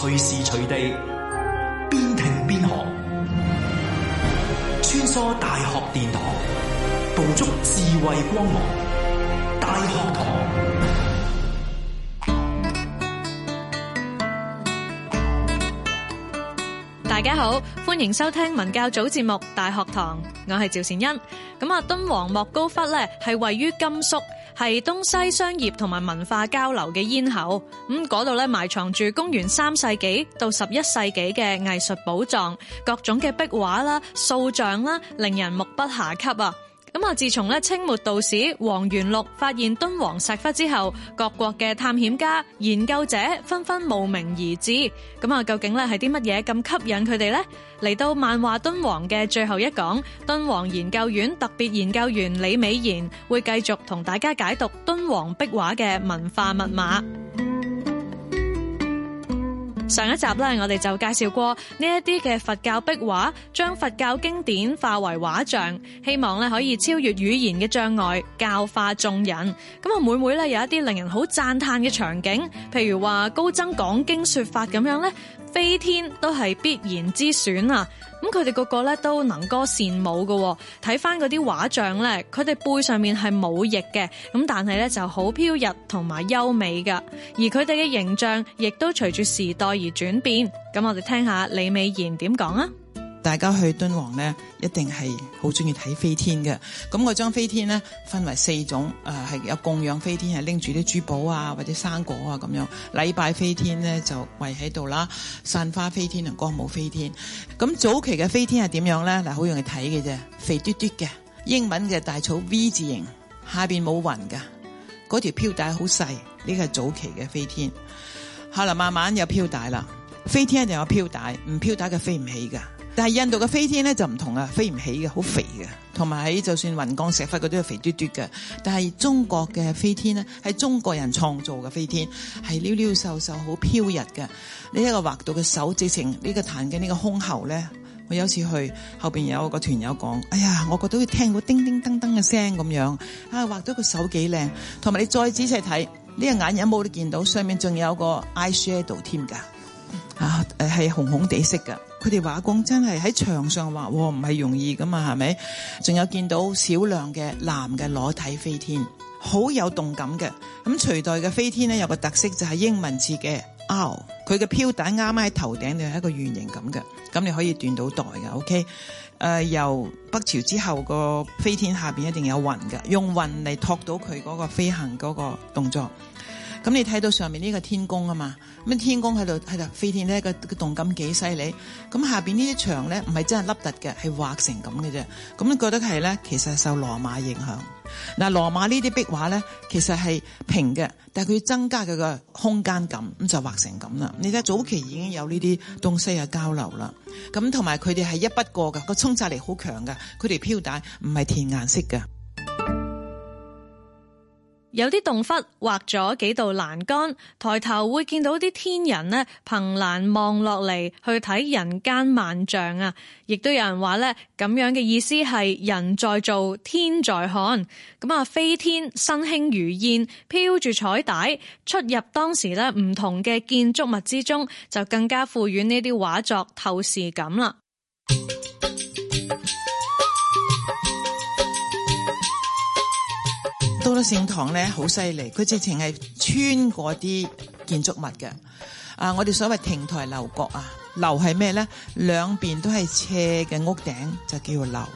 隨時隨地邊聽邊學，穿梭大學殿堂，捕捉智慧光芒。大學堂，大家好，歡迎收聽文教組節目《大學堂》，我係趙善恩。咁啊，敦煌莫高窟咧係位於甘肅。係東西商業同埋文化交流嘅咽喉，咁嗰度呢，埋藏住公元三世紀到十一世紀嘅藝術寶藏，各種嘅壁畫啦、塑像啦，令人目不暇給啊！咁啊！自從咧清末道士王圓籙發現敦煌石窟之後，各國嘅探險家、研究者紛紛慕名而至。咁啊，究竟咧係啲乜嘢咁吸引佢哋咧？嚟到《漫話敦煌》嘅最後一講，敦煌研究院特別研究員李美賢會繼續同大家解讀敦煌壁畫嘅文化密碼。上一集咧，我哋就介紹過呢一啲嘅佛教壁畫，將佛教經典化為畫像，希望咧可以超越語言嘅障礙，教化眾人。咁啊，每每咧有一啲令人好讚嘆嘅場景，譬如話高僧講經說法咁樣咧。飛天都係必然之選啊！咁佢哋個個咧都能歌善舞嘅、哦，睇翻嗰啲畫像咧，佢哋背上面係冇翼嘅，咁但係咧就好飄逸同埋優美噶，而佢哋嘅形象亦都隨住時代而轉變。咁我哋聽下李美賢點講啊！大家去敦煌咧，一定係好中意睇飛天嘅。咁我將飛天咧分為四種，誒、呃、係有供養飛天係拎住啲珠寶啊，或者生果啊咁樣。禮拜飛天咧就跪喺度啦，散花飛天同歌舞飛天。咁早期嘅飛天係點樣咧？嗱，好容易睇嘅啫，肥嘟嘟嘅英文嘅大草 V 字形，下面冇雲㗎。嗰條飄帶好細。呢、這個係早期嘅飛天。後來慢慢有飄帶啦，飛天一定有飄帶，唔飄帶嘅飛唔起㗎。但係印度嘅飛天咧就唔同啊，飛唔起嘅，好肥嘅，同埋喺就算雲岡石窟嗰啲都係肥嘟嘟嘅。但係中國嘅飛天咧，係中國人創造嘅飛天，係溜溜瘦瘦，好飄逸嘅。呢一個畫到嘅手，直情呢個彈緊呢個箜篌咧。我有次去後邊有個團友講：哎呀，我覺得聽到叮叮噔噔嘅聲咁樣。啊，畫到個手幾靚，同埋你再仔細睇呢個眼有冇？你見到上面仲有個 eye shadow 添噶。啊，誒，係紅紅哋色噶，佢哋畫工真係喺牆上畫，唔係容易噶嘛，係咪？仲有，見到少量嘅藍嘅裸體飛天，好有動感嘅。咁隋代嘅飛天呢，有個特色就係英文字嘅「out」哦，佢嘅飄帶啱啱喺頭頂係一個圓形咁嘅，咁你可以斷到代噶。OK，誒、呃，由北朝之後個飛天下邊一定有雲噶，用雲嚟托到佢嗰個飛行嗰個動作。咁你睇到上面呢個天宮啊嘛，咁天宮喺度喺度飛天呢，個個動感幾犀利。咁下面牆呢啲牆咧，唔係真係凹凸嘅，係畫成咁嘅啫。咁你覺得係咧，其實係受羅馬影響。嗱，羅馬畫呢啲壁畫咧，其實係平嘅，但係佢要增加佢個空間感，咁就畫成咁啦。你睇早期已經有呢啲東西嘅交流啦。咁同埋佢哋係一筆過嘅，個衝扎力好強嘅。佢哋飄帶唔係填顏色嘅。有啲洞窟畫咗幾道欄杆，抬頭會見到啲天人咧，憑欄望落嚟去睇人間萬象啊！亦都有人話呢，咁樣嘅意思係人在做，天在看。咁啊，飛天身輕如燕，飄住彩帶，出入當時咧唔同嘅建築物之中，就更加賦予呢啲畫作透視感啦。中正堂咧好犀利，佢直情係穿過啲建築物嘅。啊，我哋所謂亭台樓閣啊，樓係咩咧？兩邊都係斜嘅屋頂就叫做樓，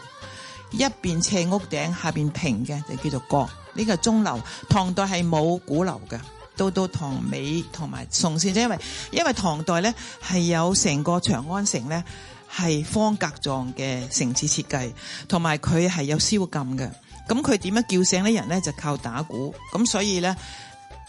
一邊斜屋頂下邊平嘅就叫做閣。呢、這個鐘樓，唐代係冇鼓樓嘅。都到唐尾同埋宋先，因為因為唐代咧係有成個長安城咧係方格狀嘅城市設計，同埋佢係有宵禁嘅。咁佢點樣叫醒啲人咧？就靠打鼓，咁所以咧。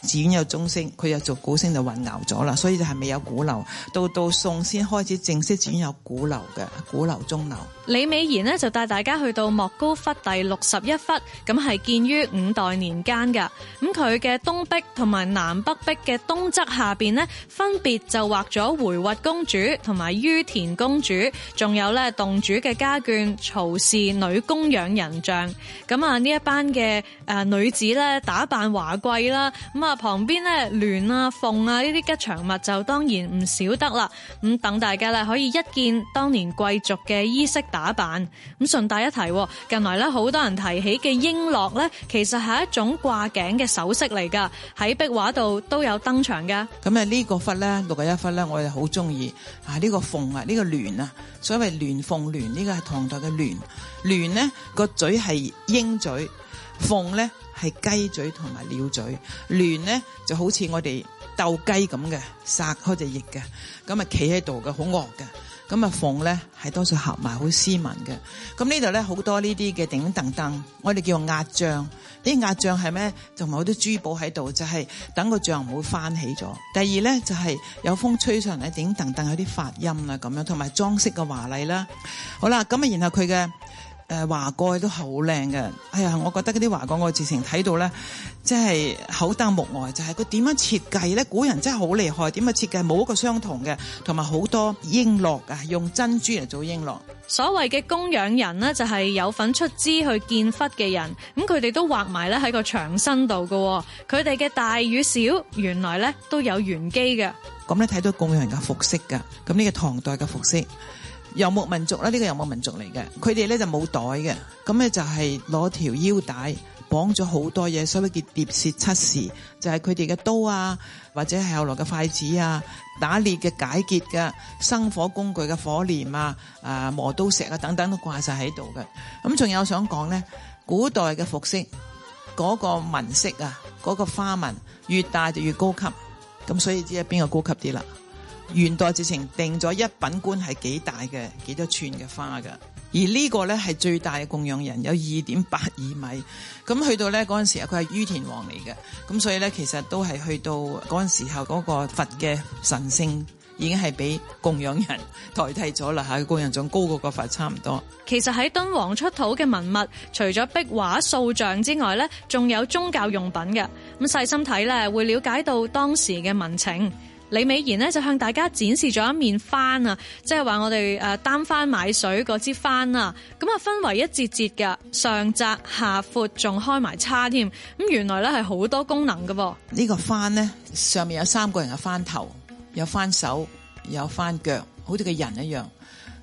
寺院有鐘聲，佢又做鼓聲就混淆咗啦，所以就係未有鼓樓。到到宋先開始正式寺院有鼓樓嘅鼓樓鐘樓。李美賢咧就帶大家去到莫高窟第六十一窟，咁係建於五代年間噶。咁佢嘅東壁同埋南北壁嘅東側下邊咧，分別就畫咗回鶻公主同埋于闐公主，仲有咧洞主嘅家眷曹氏女供養人像。咁啊，呢一班嘅誒女子咧，打扮華貴啦，咁啊～旁邊咧，鸞啊鳳啊呢啲吉祥物就當然唔少得啦。咁等大家咧，可以一見當年貴族嘅衣飾打扮。咁順帶一提，近來咧好多人提起嘅瓔珞咧，其實係一種掛頸嘅首飾嚟噶，喺壁畫度都有登場㗎。咁啊呢個窟咧，六十一窟咧，我哋好中意啊呢個鳳啊呢個鸞啊，所謂鸞鳳，鸞呢個係唐代嘅鸞，鸞呢，個嘴係鷹嘴，鳳咧。係雞嘴同埋鳥嘴，鸞咧就好似我哋鬥雞咁嘅，撒開隻翼嘅，咁啊企喺度嘅，好惡嘅。咁啊鳳咧係多數合埋，好斯文嘅。咁呢度咧好多呢啲嘅頂凳凳，我哋叫壓帳。啲壓帳係咩？同埋啲珠寶喺度，就係、是、等個帳唔好翻起咗。第二咧就係、是、有風吹上嚟頂凳凳有啲發音啦，咁樣同埋裝飾嘅華麗啦。好啦，咁啊然後佢嘅。誒華蓋都好靚嘅，哎呀，我覺得嗰啲華蓋我造型睇到咧，即係口德目外，就係佢點樣設計咧？古人真係好厲害，點樣設計冇一個相同嘅，同埋好多瓔珞啊，用珍珠嚟做瓔珞。所謂嘅供養人呢，就係有份出資去建窟嘅人，咁佢哋都畫埋咧喺個牆身度嘅，佢哋嘅大與小原來咧都有玄機嘅。咁你睇到供養人嘅服飾㗎。咁呢個唐代嘅服飾。游牧民族呢？呢、呢個游牧民族嚟嘅，佢哋咧就冇袋嘅，咁咧就係攞條腰帶綁咗好多嘢，所以叫蹀躞七事。就係佢哋嘅刀啊，或者係後來嘅筷子啊，打獵嘅解結嘅生火工具嘅火鐮啊，啊磨刀石啊等等都掛晒喺度嘅。咁仲有想講咧，古代嘅服飾嗰、嗰個紋飾啊，嗰、嗰個花紋越大就越高級，咁所以知係邊個高級啲啦。元代之前定咗一品官係幾大嘅，幾多寸嘅花噶。而呢個咧係最大嘅供養人，有二點八二米。咁去到咧嗰陣時候，佢係于闐王嚟嘅。咁所以咧，其實都係去到嗰陣時候嗰個佛嘅神聖，已經係俾供養人代替咗啦。吓，供養人仲高過個佛差唔多。其實喺敦煌出土嘅文物，除咗壁畫、塑像之外咧，仲有宗教用品嘅。咁細心睇咧，會了解到當時嘅民情。李美賢咧就向大家展示咗一面幡啊，即係話我哋誒，擔幡買水嗰支幡啊，咁啊分為一節節嘅，上窄下闊，仲開埋叉添，咁原來咧係好多功能嘅噃。呢個幡咧上面有三個人嘅幡頭，有幡手，有幡腳，好似個人一樣。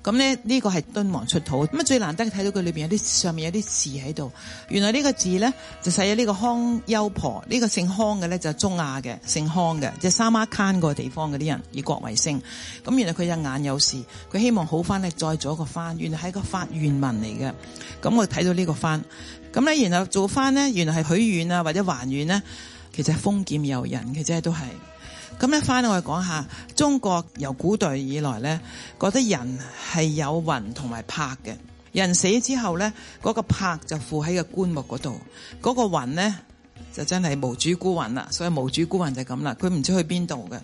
咁咧呢個係敦煌出土，咁啊最難得睇到佢裏邊有啲上面有啲字喺度。原來呢個字咧就寫咗呢個康丘婆，呢、這個姓康嘅咧就是、中亞嘅姓康嘅，即、就、係、是、撒馬坎個地方嗰啲人以國為姓。咁原來佢隻眼有事，佢希望好翻咧再做一個翻。原來係一個發願文嚟嘅。咁我睇到呢個翻，咁咧然後做翻呢？原來係許願啊或者還願呢？其實係封建遊人嘅啫，其實都係。咁咧翻去講下，中國由古代以來呢，覺得人係有魂同埋魄嘅。人死之後呢，嗰個魄就附喺個棺木嗰度，嗰個魂呢，就真係無主孤魂啦，所以無主孤魂就咁啦，佢唔知去邊度嘅。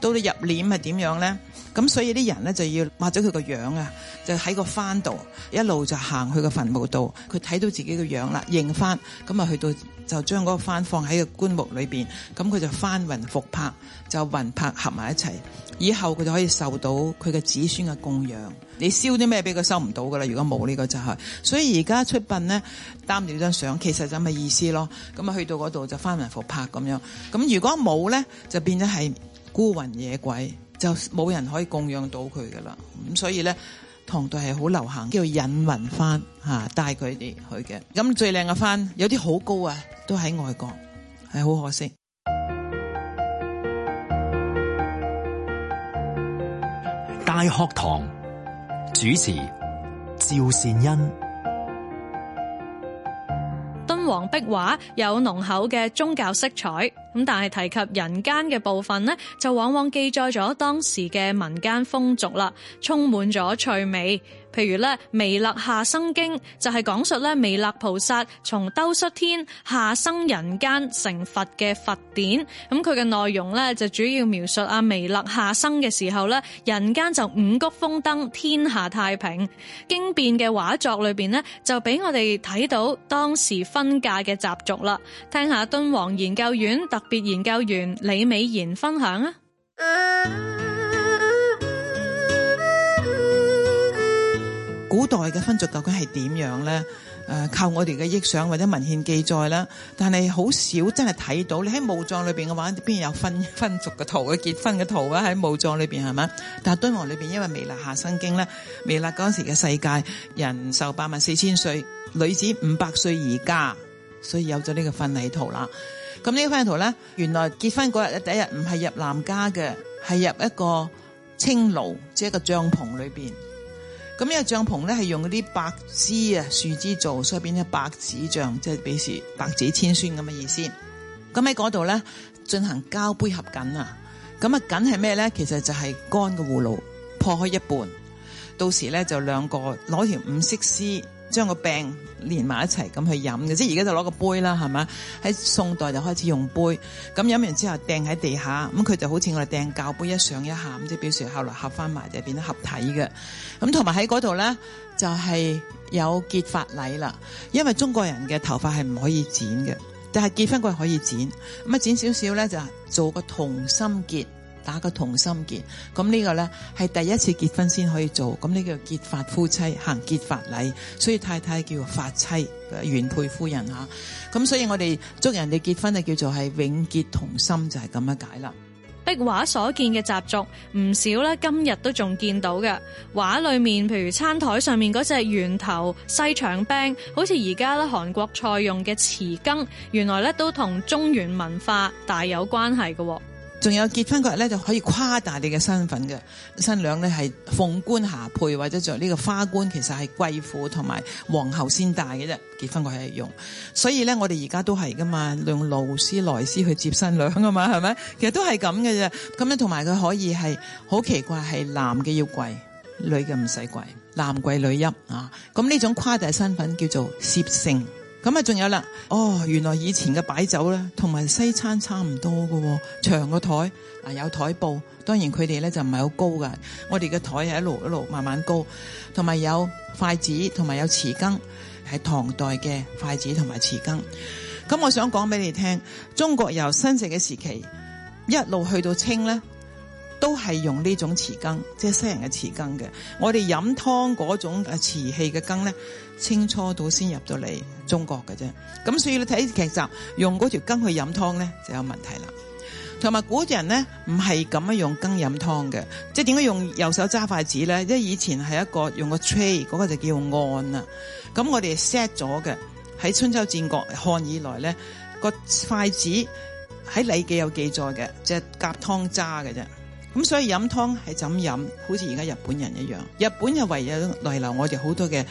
到你入殮係點樣咧？咁所以啲人咧就要抹咗佢個樣啊，就喺個幡度一路就行去個墳墓度，佢睇到自己嘅樣啦，認翻，咁啊去到就將嗰個幡放喺個棺木裏面。咁佢就翻雲覆拍，就雲拍合埋一齊。以後佢就可以受到佢嘅子孫嘅供養。你燒啲咩俾佢收唔到噶啦？如果冇呢個就係、是。所以而家出殯咧，擔住張相，其實就咁嘅意思咯。咁啊，去到嗰度就翻雲復拍咁樣。咁如果冇咧，就變咗係孤魂野鬼，就冇人可以供養到佢噶啦。咁所以咧，唐代係好流行叫做引魂幡，帶佢哋去嘅。咁最靚嘅幡，有啲好高啊，都喺外國，係好可惜。大學堂主持趙善恩，敦煌壁畫有濃厚嘅宗教色彩。咁但係提及人間嘅部分呢，就往往記載咗當時嘅民間風俗啦，充滿咗趣味。譬如咧，彌勒下生經就係講述咧彌勒菩薩從兜率天下生人間成佛嘅佛典。咁佢嘅內容呢，就主要描述阿彌勒下生嘅時候呢，人間就五穀豐登，天下太平。經變嘅畫作裏邊呢，就俾我哋睇到當時婚嫁嘅習俗啦。聽下敦煌研究院別研究員李美賢分享啊！古代嘅婚俗究竟係點樣咧？誒、呃，靠我哋嘅臆想，或者文獻記載啦，但係好少真係睇到。你喺墓葬裏邊嘅話，邊有婚婚俗嘅圖嘅結婚嘅圖啦？喺墓葬裏邊係咪？但係敦煌裏邊，因為彌勒下生經咧，彌勒嗰時嘅世界人壽八萬四千歲，女子五百歲而嫁，所以有咗呢個婚禮圖啦。咁呢幅圖咧，原來結婚嗰日嘅第一日唔係入男家嘅，係入一個青爐，即係一個帳篷裏面。咁、這、呢個帳篷咧係用嗰啲白枝啊樹枝做，所以變咗百子帳，即係比似百子千孫咁嘅意思。咁喺嗰度咧進行交杯合緊啊！咁啊緊係咩咧？其實就係乾嘅葫蘆破開一半，到時咧就兩個攞條五色絲。將個病連埋一齊咁去飲嘅，即係而家就攞個杯啦，係咪喺宋代就開始用杯咁飲完之後掟喺地下咁，佢就好似我哋掟教杯一上一下咁，即係表示後來合翻埋就變咗合體嘅。咁同埋喺嗰度咧，就係、是、有結髮禮啦，因為中國人嘅頭髮係唔可以剪嘅，但係結婚嗰日可以剪咁啊，剪少少咧就做個同心結。打個同心結，咁、這、呢個呢，係第一次結婚先可以做，咁、這、呢、個、叫結髮夫妻，行結髮禮，所以太太叫做髮妻、原配夫人，下咁，所以我哋祝人哋結婚就叫做係永結同心，就係咁樣解啦。壁畫所見嘅習俗唔少啦，今日都仲見到嘅，畫裏面，譬如餐台上面嗰隻圓頭細長柄，好似而家啦，韓國菜用嘅匙羹，原來咧都同中原文化大有關係嘅。仲有結婚嗰日咧，就可以誇大你嘅身份嘅。新娘咧，係鳳冠霞帔，或者着呢個花冠，其實係貴婦同埋皇后先戴嘅啫。結婚嗰日係用，所以咧我哋而家都係噶嘛用勞斯萊斯去接新娘噶嘛，係咪？其實都係咁嘅啫。咁咧同埋佢可以係好奇怪，係男嘅要跪，女嘅唔使跪，男跪女揖啊。咁呢種誇大身份叫做攝盛。咁啊，仲有啦，哦，原來以前嘅擺酒咧，同埋西餐差唔多嘅喎，長個台，嗱有台布，當然佢哋咧就唔係好高㗎。我哋嘅台係一路一路慢慢高，同埋有筷子，同埋有匙羹，係唐代嘅筷子同埋匙羹。咁我想講俾你聽，中國由新石嘅時期一路去到清咧。都係用呢種匙羹，即係西人嘅匙羹嘅。我哋飲湯嗰種瓷器嘅羹咧，清初到先入到嚟中國嘅啫。咁所以你睇劇集用嗰條羹去飲湯咧就有問題啦。同埋古人咧唔係咁樣用羹飲湯嘅，即係點解用右手揸筷子咧？因為以前係一個用一個 tray 嗰個就叫案啦。咁我哋 set 咗嘅喺春秋戰國漢以來咧個筷子喺《禮記》有記載嘅，就係夾湯渣嘅啫。咁所以飲湯係怎飲？好似而家日本人一樣，日本又為咗遺留我哋好多嘅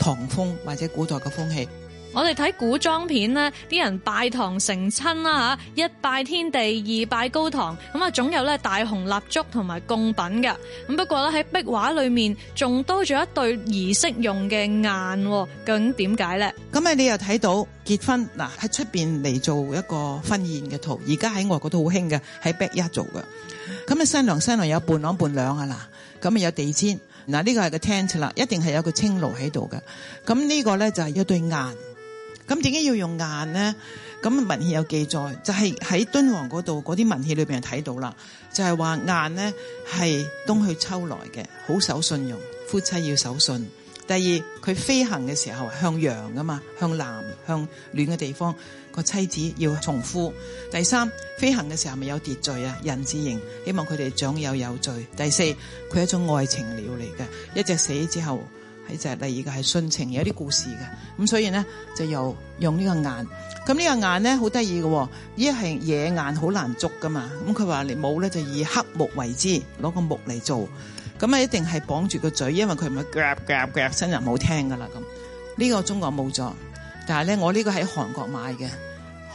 唐風或者古代嘅風氣。我哋睇古裝片呢，啲人拜堂成親啦吓，一拜天地，二拜高堂，咁啊，總有咧大紅蠟燭同埋貢品㗎。咁不過咧喺壁畫裏面仲多咗一對儀式用嘅雁，究竟點解咧？咁啊，你又睇到結婚嗱喺出邊嚟做一個婚宴嘅圖，而家喺外國都好興嘅，喺 back yard 做嘅。咁啊，新娘新郎有伴郎伴娘啊嗱，咁啊有地氈嗱，呢個係個 tent 啦，一定係有個青爐喺度嘅。咁呢個咧就係一對雁。咁點解要用雁呢？咁文獻有記載，就係、是、喺敦煌嗰度嗰啲文獻裏邊睇到啦。就係話雁呢，係冬去秋來嘅，好守信用，夫妻要守信。第二，佢飛行嘅時候向陽㗎嘛，向南向暖嘅地方，個妻子要重夫。第三，飛行嘅時候咪有秩序啊，人字形，希望佢哋長幼有序。第四，佢係一種愛情鳥嚟嘅，一隻死之後。就係例如嘅係殉情有啲故事嘅，咁所以咧就又用呢個眼，咁呢個眼咧好得意嘅，一係、哦、野眼好難捉噶嘛，咁佢話你冇咧就以黑木為之，攞個木嚟做，咁啊一定係綁住個嘴，因為佢唔係夾夾夾，新人冇聽噶啦咁。呢、這個中國冇咗，但係咧我呢個喺韓國買嘅，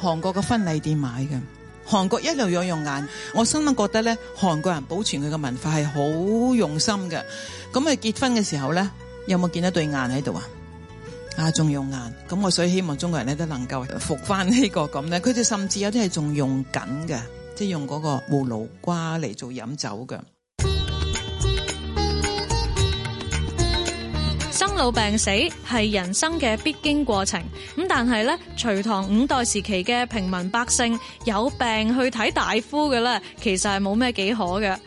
韓國嘅婚禮店買嘅，韓國一路有用眼，我心諗覺得咧韓國人保存佢嘅文化係好用心嘅，咁佢結婚嘅時候咧。有冇見到對眼喺度啊？啊，仲用眼咁，我所以我希望中國人咧都能夠復翻呢個咁咧。佢哋甚至有啲係仲用緊嘅，即係用嗰個葫蘆瓜嚟做飲酒嘅。生老病死係人生嘅必經過程，咁但係咧，隋唐五代時期嘅平民百姓有病去睇大夫嘅咧，其實係冇咩幾可嘅。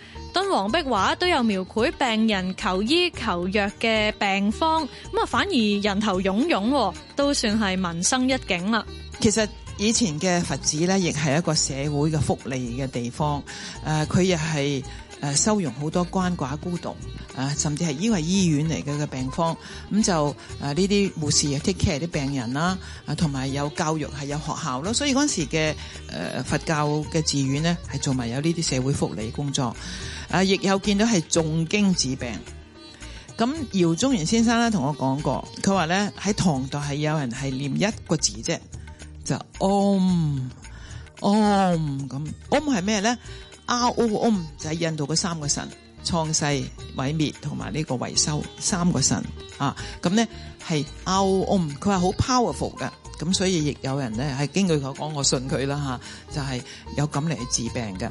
敦煌壁畫都有描繪病人求醫求藥嘅病房，咁啊反而人頭湧湧，都算係民生一景啦。其實以前嘅佛寺咧，亦係一個社會嘅福利嘅地方，誒，佢亦係誒收容好多鰥寡孤獨，啊，甚至係因為醫院嚟嘅嘅病房，咁就誒呢啲護士要 take care 啲病人啦，啊，同埋有教育係有學校咯，所以嗰時嘅誒佛教嘅寺院呢，係做埋有呢啲社會福利工作。啊！亦有見到係重經治病。咁姚宗元先生咧同我講過，佢話咧喺唐代係有人係念一個字啫，就 Om Om 咁 Om 係咩咧？Om 就係、是、印度嘅三個神：創世、毀滅同埋呢個維修三個神啊！咁咧係 Om，佢話好 powerful 嘅，咁所以亦有人咧係根據佢講，我信佢啦吓，就係、是、有咁嚟去治病嘅。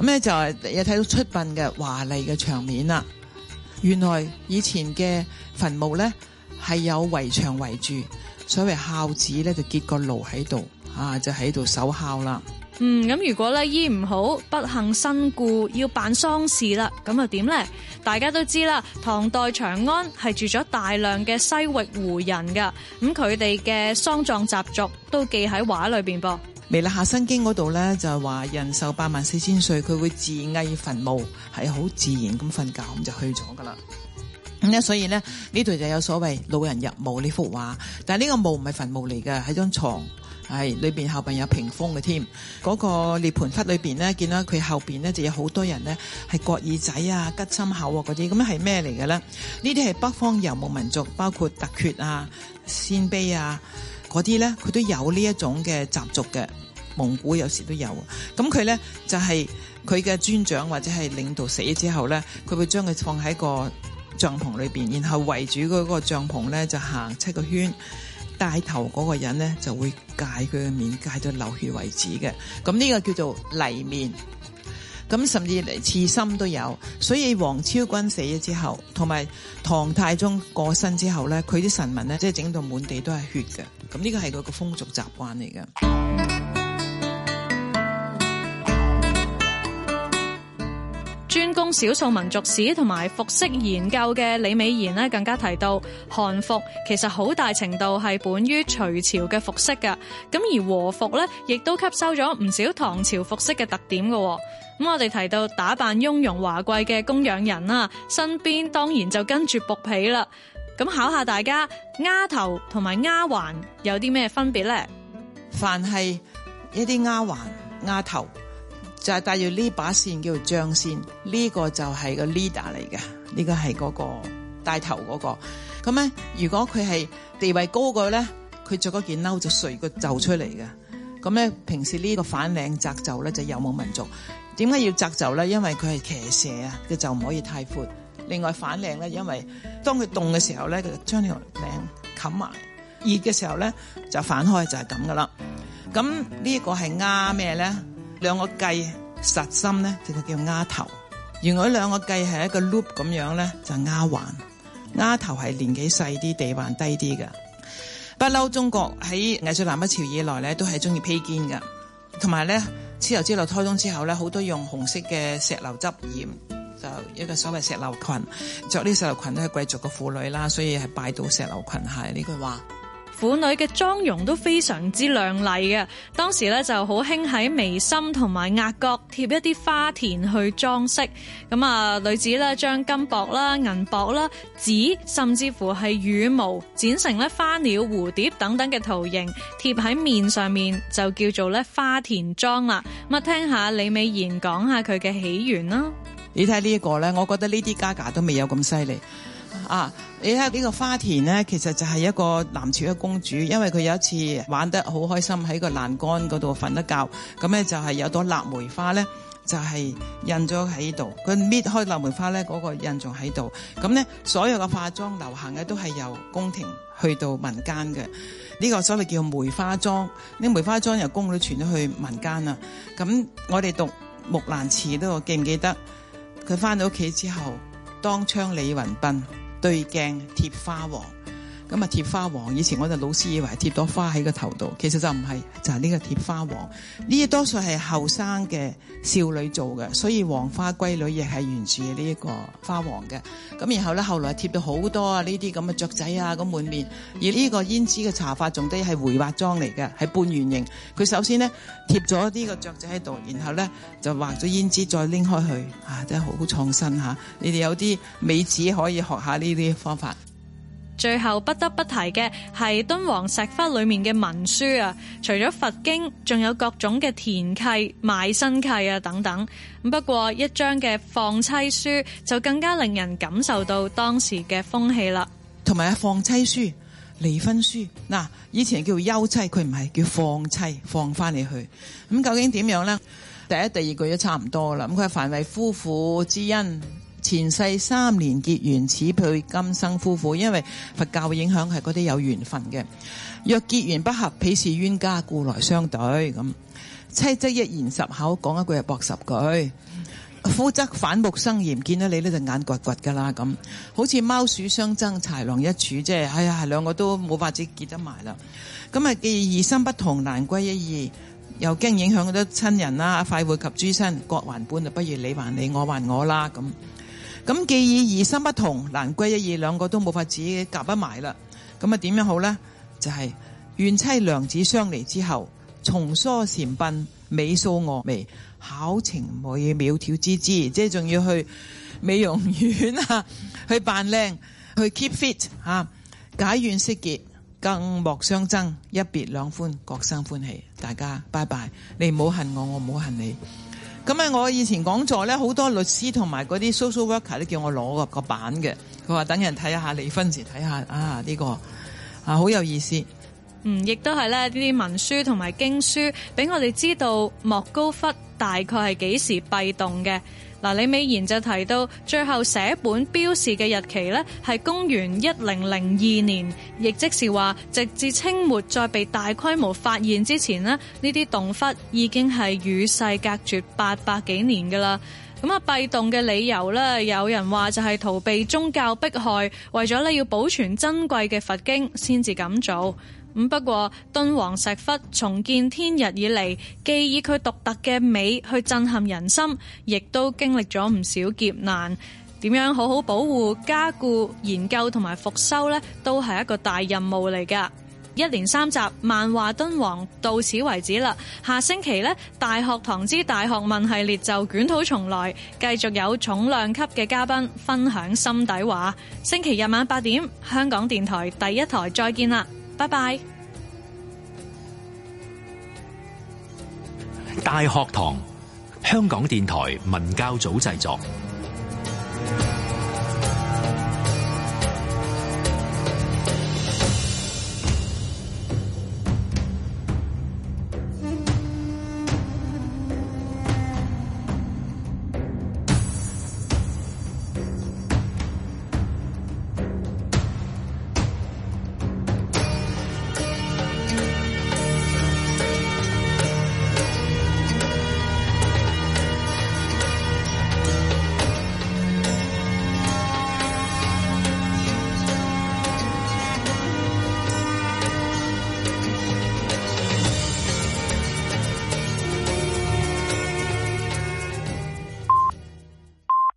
咁咧就係有睇到出殯嘅華麗嘅場面啦。原來以前嘅墳墓咧係有圍牆圍住，所謂孝子咧就結個爐喺度，啊就喺度守孝啦。嗯，咁如果咧醫唔好，不幸身故要辦喪事啦，咁又點咧？大家都知啦，唐代長安係住咗大量嘅西域胡人㗎，咁佢哋嘅喪葬習俗都記喺畫裏面噃。《彌勒下生經》嗰度咧，就係話人壽八萬四千歲，佢會自詣墳墓，係好自然咁瞓覺，咁就去咗噶啦。咁咧，所以咧呢度就有所謂老人入墓呢幅畫，但係呢個墓唔係墳墓嚟嘅，係張床，係裏面後面有屏風嘅添。嗰、那個涅槃窟裏面咧，見到佢後面咧就有好多人咧，係割耳仔啊、吉心口嗰、啊、啲，咁樣係咩嚟嘅咧？呢啲係北方遊牧民族，包括突厥啊、鮮卑啊。嗰啲咧，佢都有呢一種嘅習俗嘅，蒙古有時都有。咁佢咧就係佢嘅尊長或者係領導死咗之後咧，佢會將佢放喺個帳篷裏面，然後圍住嗰個帳篷咧就行七個圈，帶頭嗰個人咧就會剺佢嘅面，剺到流血為止嘅。咁呢個叫做剺面。咁甚至嚟刺心都有，所以王昭君死咗之後，同埋唐太宗過身之後呢，佢啲臣民呢，即係整到滿地都係血嘅。咁呢個係佢個風俗習慣嚟嘅。專攻少數民族史同埋服飾研究嘅李美賢呢，更加提到韓服其實好大程度係本於隋朝嘅服飾㗎。咁而和服呢，亦都吸收咗唔少唐朝服飾嘅特點嘅。咁我哋提到打扮雍容華貴嘅供養人啦，身邊當然就跟住僕婢啦。咁考下大家，丫頭同埋丫鬟有啲咩分別咧？凡係一啲丫鬟、丫頭，就係、是、帶住呢把線叫做將線，呢、這個就係、這個 leader 嚟嘅。呢個係嗰個帶頭嗰、這個。咁咧，如果佢係地位高個咧，佢着嗰件褸就垂個袖出嚟嘅。咁咧，平時呢個反領窄袖咧，就游牧民族。點解要窄袖呢？因為佢係騎射啊，佢就唔可以太闊。另外反領呢，因為當佢凍嘅時候呢，佢將條領冚埋；熱嘅時候呢，就反開，就係咁㗎喇。咁呢一個係丫咩呢？兩個髻實心呢，就叫丫頭。原來兩個髻係一個 loop 咁樣，丫鬟丫呢，就丫鬟。丫頭係年紀細啲，地環低啲㗎。不嬲中國喺魏晉南北朝以來呢，都係鍾意披肩㗎。同埋呢。絲綢之路開通之後呢，好多用紅色嘅石榴汁染，就一個所謂石榴裙。着呢石榴裙都係貴族嘅婦女啦，所以係拜倒石榴裙下係呢句話。婦女嘅妝容都非常之靚麗嘅，當時咧就好興喺眉心同埋額角貼一啲花田去裝飾，咁啊女子咧將金箔啦、銀箔啦、紙甚至乎係羽毛剪成咧花鳥蝴蝶等等嘅圖形貼喺面上面，就叫做咧花田妝啦。咁啊，聽下李美賢講下佢嘅起源啦。你睇呢一個咧，我覺得呢啲 Gaga 都未有咁犀利。啊！你睇下呢、這個花田呢，其實就係一個南朝嘅公主，因為佢有一次玩得好開心，喺個欄杆嗰度瞓得覺，咁呢，就係有朵臘梅花呢，就係、是、印咗喺度。佢搣開臘梅花呢，嗰、那個印仲喺度。咁呢，所有嘅化妝流行嘅都係由宮廷去到民間嘅。呢、這個所謂叫梅花妝」這、呢、個、梅花妝」由宮女傳咗去民間啦。咁我哋讀木蘭詞都記唔記得？佢翻到屋企之後，當窗理雲鬢，對鏡貼花黃。咁啊，貼花黃以前我哋老師以為貼多花喺個頭度，其實就唔係，就係、是、呢個貼花黃。呢啲多數係後生嘅少女做嘅，所以黃花閨女亦係源自呢一個花黃嘅。咁然後咧，後來貼咗好多啊呢啲咁嘅雀仔啊，咁滿面。而呢個胭脂嘅茶花，仲得係回畫妝嚟嘅，係半圓形。佢首先咧貼咗呢個雀仔喺度，然後咧就畫咗胭脂，再拎開去。啊，真係好創新嚇、啊！你哋有啲美子可以學下呢啲方法。最後不得不提嘅係敦煌石窟裏面嘅文書啊，除咗佛經，仲有各種嘅田契、賣身契啊等等。咁不過一張嘅放妻書就更加令人感受到當時嘅風氣啦。同埋啊，放妻書、離婚書，嗱，以前叫休妻，佢唔係叫放妻，放翻你去。咁究竟點樣呢？第一、第二句都差唔多啦。咁佢係凡為夫婦之恩。前世三年結緣，此配今生夫婦。因為佛教嘅影響係嗰啲有緣分嘅。若結緣不合，鄙視冤家，故來相對咁。妻則一言十口，講一句就駁十句；夫則反目生嫌，見到你呢就眼掘掘噶啦。咁好似貓鼠相爭，豺狼一處，即係哎呀，兩個都冇法子結得埋啦。咁啊，既二心不同，難歸一意，又驚影響嗰啲親人啦。快會及諸親，各還本，不如你還你，我還我啦。咁。咁既已二心不同，難歸一意，兩個都冇法子夾得埋啦。咁啊點樣好呢？就係、是、怨妻娘子相離之後，重梳蟬鬢，美掃娥眉，考情可以苗條之姿。即係仲要去美容院啊， 去扮靚，去 keep fit 吓，解怨釋結，更莫相爭，一別兩歡，各生歡喜。大家拜拜，你唔好恨我，我唔好恨你。咁啊！我以前講座咧，好多律師同埋嗰啲 social worker 都叫我攞個個板嘅，佢話等人睇下離婚時，睇下啊呢個啊，好有意思。嗯，亦都係咧，呢啲文書同埋經書俾我哋知道莫高窟大概係幾時閉洞嘅。嗱，李美賢就提到，最後寫本標示嘅日期咧，係公元一零零二年，亦即是話，直至清末再被大規模發現之前咧，呢啲洞窟已經係與世隔絕八百幾年噶啦。咁啊，閉洞嘅理由咧，有人話就係逃避宗教迫害，為咗咧要保存珍貴嘅佛經先至咁做。咁不過敦煌石窟重見天日以嚟，既以佢獨特嘅美去震撼人心，亦都經歷咗唔少劫難。點樣好好保護、加固、研究同埋復修呢，都係一個大任務嚟噶。一連三集漫話《敦煌》到此為止啦。下星期呢，《大學堂之大學問》系列就捲土重來，繼續有重量級嘅嘉賓分享心底話。星期日晚八點，香港電台第一台再見啦！拜拜！大學堂，香港電台文教組製作。